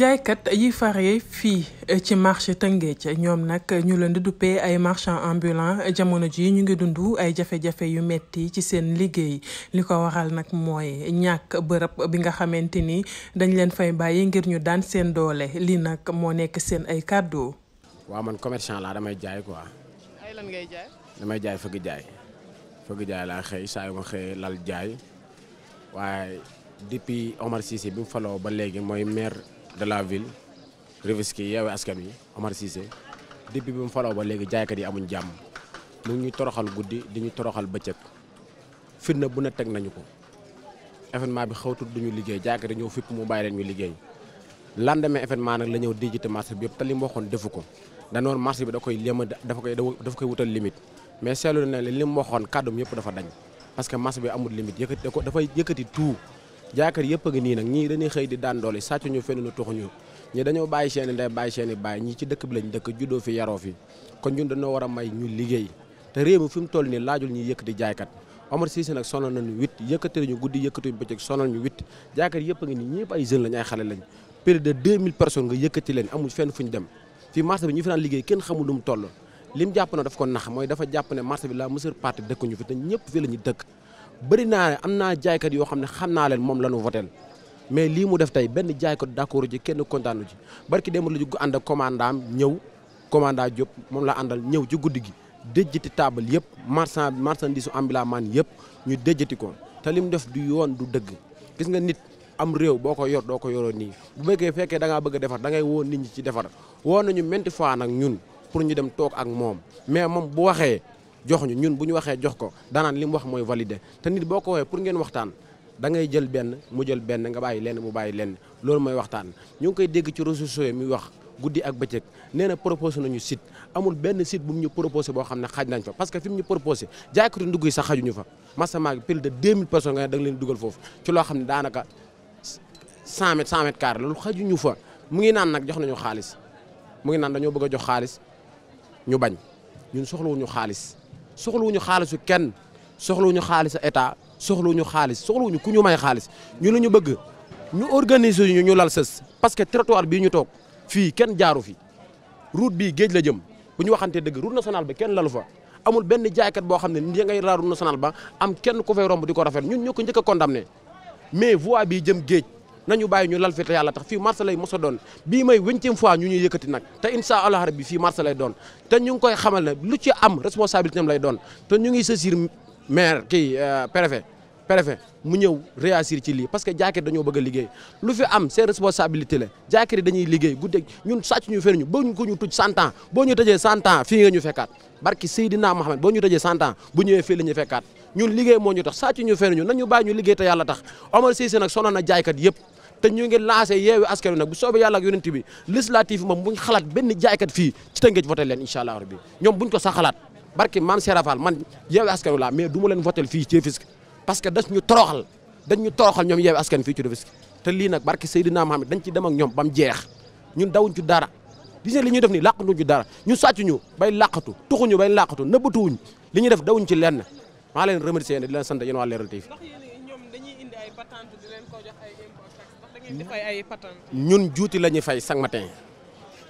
jaaykat yi fare fii eh, ci marché Tëngéej ñoom nag eh, ñu leen di duppee ay marchand ambulant eh, jamono ji ñu ngi dundu ay jafe-jafe yu metti ci seen liggéey li ko waral nag mooy ñàkk bërëb bi nga xamante ni dañ leen fay bàyyi ngir ñu daan seen doole lii nag moo nekk seen ay kàddu. waaw man commerçant laa damay jaay quoi. ay lan ngay fëgg jaay laa xëy saa yu ma xëyee lal jaay waaye depuis Omar Cissé bi mu faloo ba léegi mooy maire de la ville Rufisque yeewe askan wi Omar Cissé depuis bi mu faloo ba léegi jaaykat yi amuñ jàmm mu ñuy toroxal guddi di ñu toroxal bëccëg fitna bu ne teg nañu ko événement bi xawtul ñu liggéey jaaykat yi ñëw fipp mu bàyyi leen ñu liggéey lendemain événement nag la ñëw dijjite marché bi yëpp te li mu waxoon defu ko danoon marché bi da koy léma dafa koy wutal limite mais seetlu na ne li mu waxoon kàddum yëpp dafa dañ parce que masse bi amul limite yëkkati ko yëkkati tout jaakar yëpp a ngi nii nag ñii dañuy xëy di daan doole sàcc ñu fenn ñu tuxuñu ñi dañoo bàyyi seen i ndey bàyyi seen i bàyyi ñii ci dëkk bi lañ dëkk juddoo fi yaroo fi kon ñun dañoo war a may ñu liggéey te réew mi fi mu toll nii laajul ñuy yëkkati jaaykat Omar Cissé nag sonal nañu huit yëkkati ñu guddi yëkkatuñu bëccëg sonal ñu huit jaaykat yëpp a ngi nii ñëpp ay jeunes lañ ay xale lañ près de 2000 personnes nga lim jàpp na daf ko nax mooy dafa jàpp ne marché bi la monsieur parti dëkkuñu fi te ñëpp fi la ñu dëkk bëri naa am naa jaaykat yoo xam ne xam naa leen moom la ñu votel mais lii mu def tey benn jaaykat d'accord ji kenn kontaanu ci barki démb la jug ànd ak commandant ñëw commandant Diop moom la àndal ñëw ci guddi gi déjjati taabal yëpp marchand marchandise su ambulant man yëpp ñu déjjati ko te li mu def di yoon du dëgg gis nga nit am réew boo ko yor doo ko yoroo nii bu fekkee fekkee da bëgg a da ngay woo nit ñi ci defar woo nañu menti fois nag ñun pour ñu dem toog ak moom mais moom bu waxee jox ñu ñun bu ñu waxee jox ko daanaan li mu wax mooy valide te nit boo ko waxee pour ngeen waxtaan da ngay jël benn mu jël benn nga bàyyi lenn mu bàyyi lenn loolu mooy waxtaan ñu ngi koy dégg ci réseaux sociaux mi wax guddi ak bëccëg nee na proposé nañu site amul benn site bu mu ñu proposé boo xam ne xaj nañ fa parce que fi mu ñu proposé jaaykatu ndugg yi sax xajuñu fa massament bi pile de 2000 personnes nga ne da nga leen dugal foofu loo xam ne daanaka 100 mètres 100 mètres carré loolu xajuñu fa mu ngi naan nag jox nañu xaalis mu ngi naan dañoo bëgg a jox xaalis ñu bañ ñun soxlawuñu xaalis soxlawuñu xaalisu kenn soxlawuñu xaalisu état soxlawuñu xaalis soxlawuñu ku ñu may xaalis ñu la ñu bëgg ñu organiser ñu ñu lal sës parce que territoire bii ñu toog fii kenn jaaru fi route bi géej la jëm bu ñu waxantee dëgg route nationale bi kenn lalu fa amul benn jaaykat boo xam ne ni ngay raar route nationale ba am kenn ku fay romb di ko rafet ñun ñoo ko njëkk a condamné mais voie bii jëm géej nañu bàyyi ñu lal fi te yàlla tax fii marché lay mos a doon bii may vingtième fois ñu ñuy nag te incha allah rabbi fii marché lay doon te ñu ngi koy xamal lu ci am responsabilité lay doon te ñu ngi saisir maire kii euh, préfet préfet mu ñëw réagir ci lii parce que jaakir dañoo bëgg a liggéey lu fi am seen responsabilité la jaakir yi dañuy liggéey guddeeg ñun sàcc ñu fen ñu ba ñu ko ñu tuj cent boo ñu tëjee cent fi fii ñu fekkaat barki Seydina Mohamed boo ñu tëjee cent bu ñëwee fii ñu fekkaat ñun liggéey moo ñu tax sàcc ñu fen ñu nañu bàyyi ñu liggéey te yàlla tax Omar Cissé nag sonoon na jaaykat yëpp te ñu ngeen lancé yeewi askan wi nag bu soobee yàlla ak yonent bi législative moom buñ xalaat benn jaaykat fii ci tëngeej voté leen incha allah rabbi ñoom buñ ko sax xalaat barki maam Serafal man yeewi askan wi laa mais du ma leen voté fii ci Rufisque parce que dañ ñu toroxal dañ ñu toroxal ñoom yeewi askan fii ci Rufisque te lii nag barki Seydina Mohamed dañ ci dem ak ñoom bam jeex ñun dawuñ ci dara gis nga li ñuy def nii làqatuñ ci dara ñu sàccuñu bay làqatu tuxuñu bay làqatu nëbbatuwuñ li ñuy def dawuñ ci lenn maa leen remercier ne di leen sant yéen waa Leral TV patente di leen ay impôt ñun juuti la ñuy fay chaque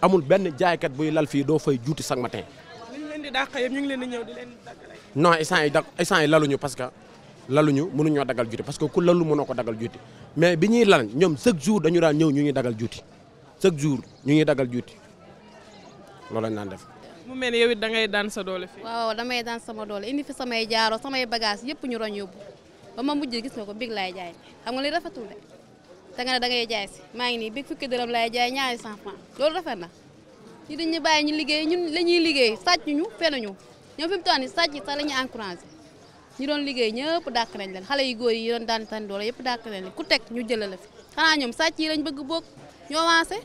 amul benn jaaykat buy lal fii doo fay juuti chaque matin. waaw li ñu ngi leen di ñëw di leen yi da instant yi laluñu parce que laluñu mënuñoo dagal juuti parce que ku lalu mënoo ko dagal juuti mais bi ñuy lan ñoom chaque jour dañu daan ñëw ñu ngi dagal juuti chaque jour ñu ngi dagal juuti loolu lañ daan def. mu mel ni daan waaw damay daan sama doole indi fi samay jaaro samay bagage yëpp ñu roñ yóbbu ba ma mujj gis nga ko big laay jaay xam nga li rafetul de te nga ne da ngay jaay si maa ngi nii big fukki dërëm laay jaay ñaari cent franc loolu rafet na ñi dañu bàyyi ñu liggéey ñun la ñuy liggéey sàcc ñu fenuñu ñoom fi mu toll nii sàcc sax la ñuy encouragé ñu doon liggéey ñëpp dàq nañ leen xale yu góor yi doon daan yëpp dàq nañ leen ku teg ñu jëla la fi xanaa ñoom sàcc yi lañ bëgg boog ñu avancé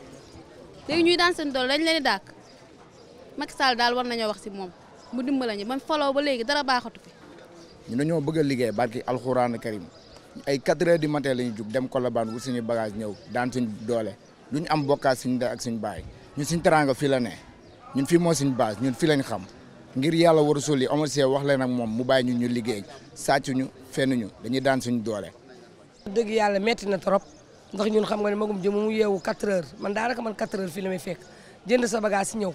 léegi ñuy daan seen doole lañ leen di dàq Macky Sall daal war nañoo wax si moom mu dimbala ñu man faloo ba léegi dara baaxatu fi ñu dañoo bëgg a liggéey barki alxuraan karim ay quatre heures du matin la ñu jug dem Colobane wut suñu bagage ñëw daan suñ doole lu ñu am bokkaat suñu da ak suñu baay ñun suñ teraanga fii la ne ñun fii moo suñ base ñun fii lañ xam ngir yàlla war a sóol yi Omar Sy wax leen ak moom mu bàyyi ñun ñu liggéey sàccuñu fennuñu dañuy daan suñu doole. dëgg yàlla metti na trop ndax ñun xam nga ne magum jëm mu yeewu quatre heures man daanaka man quatre heures fii la fekk jënd sa bagage si ñëw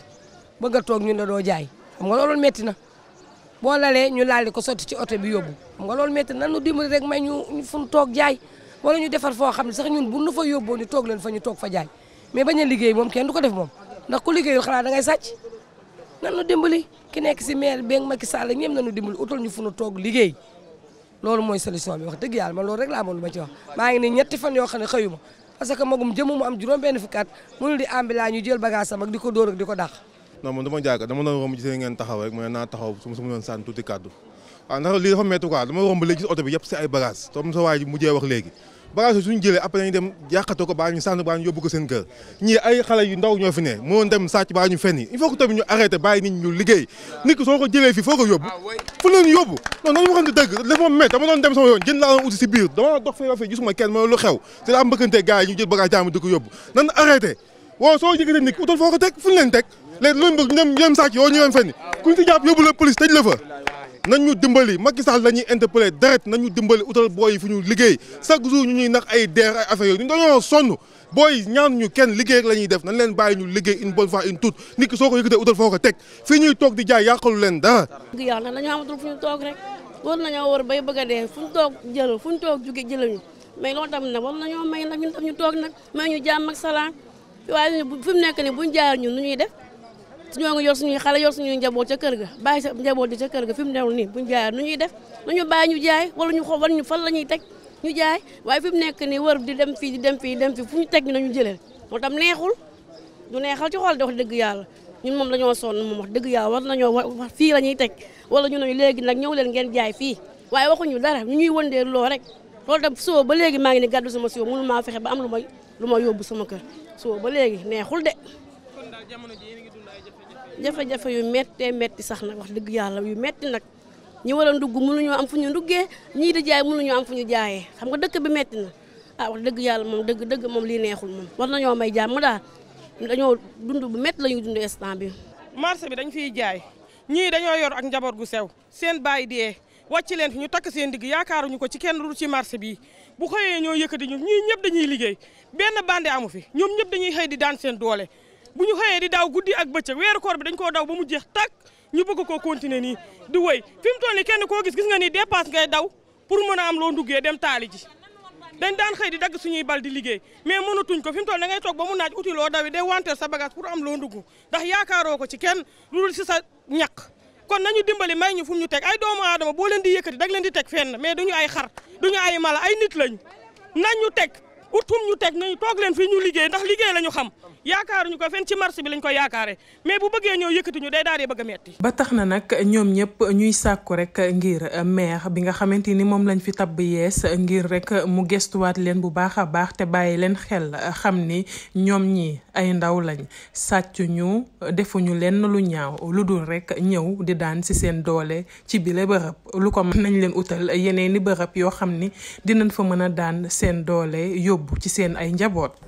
bëgg a toog ñun da doo jaay xam nga loolu metti na boo lalee ñu laal di ko sotti ci oto bi yóbbu xam nga loolu métti nan nu dimbali rek may ñu fu ñu toog jaay wala ñu defar foo xam ne sax ñun bu nu fa yóbboo ñu toog leen fa ñu toog fa jaay mais bañ a liggéey moom kenn du ko def ku liggéeyul xanaa da sàcc nan nu dimbali ki nekk si maire beeg Macky Sall ñoom nanu dimbali utal ñu fu nu toog liggéey loolu mooy solution bi wax dëgg yàlla man loolu rek laa amoon lu ma ci wax maa ngi ni ñetti fan yoo xam ne xëyuma parce que magum jëmm mu am juróom benn fukki at mënul di ambila ñu jël bagage sam di ko dóor di ko dàq non man romb gisee ngeen taxaw rek naa taxaw su ma su ma doon sànni tuuti lii dafa métti ko soo ko foo ko yóbbu fu leen yóbbu non nañu waxante dëgg dama doon dem sama yoon jën laa doon uti si biir dama dox fee fee gisuma lu xew te daa mbëkkante ñu jël bagage jaam di ko nan arrêté waaw soo jëkkatee nit ki foo ko teg fu leen léegi loolu bëgg ñoom ñoom sàcc yoo ñu leen fenn kuñ ci jàpp yóbbu la police tëj la fa nañ ñu dimbali Macky Sall la ñuy interpellé direct nañ ñu dimbali utal booy yi fu ñu liggéey chaque jour ñu ñuy nax ay deer ay affaire yooyu ñu dañoo sonn booy ñaan ñu kenn liggéey rek la ñuy def nañ leen bàyyi ñu liggéey une bonne fois une toute nit ki soo ko yëkkatee utal foo ko teg fii ñuy toog di jaay yàqalu leen dara. dëgg yàlla dañoo amatul fu ñu toog rek war nañoo war bay bëgg a dee fu ñu toog jël fu ñu toog jóge jëlañu mais loolu tamit nag war nañoo may nag ñun tam ñu toog nag may ñu jàmm ak salaam waaye fi mu nekk nii buñ jaar ñun nu ñuy def ñoo ngi yor suñuy xale yor suñuy njaboot ca kër ga bàyyi sa njaboot di ca kër ga fi mu newul nii buñ jaayee nu ñuy def nañu bàyyi ñu jaay wala ñu xool wala ñu fan la ñuy teg ñu jaay waaye fi mu nekk nii wër di dem fii di dem fii dem fii fu ñu teg ñu nañu jëlee moo tam neexul du neexal ci xool di wax dëgg yàlla ñun moom dañoo sonn moom wax dëgg yàlla war nañoo wax fii la ñuy teg wala ñu nañu léegi nag ñëw leen ngeen jaay fii waaye waxuñu dara ñu ñuy wëndee loo rek loolu tam soo ba léegi maa ngi ne gàddu sama soo mënu maa fexe ba am lu ma lu ma yóbbu sama kër soo jamono ji yéen a ngi jafe-jafe. yu méttee métti sax nag wax dëgg yàlla yu métti nag ñi war a ndugg mënuñoo am fu ñu nduggee ñii di jaay mënuñoo am fu ñu jaayee xam nga dëkk bi métti na ah dëgg yàlla moom dëgg dëgg moom lii neexul moom war nañoo may ma daal dañoo dund bu métti la ñuy dund instant bi marché bi dañ fiy jaay ñii dañoo yor ak njaboot gu sew seen baay dee wàcc leen fi ñu takk seen digg yaakaaruñu ko ci kenn du ci marché bi bu xëyee ñoo yëkkati ñu ñii ñëpp dañuy liggéey benn bande amu fi ñoom ñëpp dañuy xëy di daan seen doole bu ñu xëyee di daaw guddi ak bëccëg weeru koor bi dañ koo daw ba mu jeex tàkk ñu bëgg ko continuer nii di wëy fi mu toll nii kenn koo gis gis nga ni dépasse ngay daw pour mën am loo nduggee dem taali ji dañ daan xëy di dagg suñuy bal di liggéey mais mënatuñ ko fi mu toll da ngay toog ba mu naaj uti loo dawi day wanteer sa bagage pour am loo ndugg ndax yaakaaroo ko ci kenn lu dul si sa ñàkk kon nañu dimbali may ñu fu ñu teg ay doomu aadama boo leen di yëkkati dag leen di teg fenn mais duñu ay xar duñu ay ay nit lañu nañ ñu teg utum ñu nañu toog leen fii ñu liggéey ndax liggéey lañu xam yaakaaruñu ko fenn ci marché bi lañ koy yaakaare mais bu bëggee ñëw yëkkatiñu day daal di bëgg a metti ba tax na nag ñoom ñëpp ñuy sàkku rek ngir maire bi nga xamante ni moom lañu fi tabb yees ngir rek mu gestuwaat leen bu baax a baax te bàyyi leen xel xam ni ñoom ñi ay ndaw lañ sàccuñu defuñu lenn lu ñaaw lu dul rek ñëw di daan ci seen doole ci bile bërëb lu ko mën nañ leen utal yeneen i bërëb yoo xam ni dinañ fa mën a daan seen doole yóbbu ci seen ay njaboot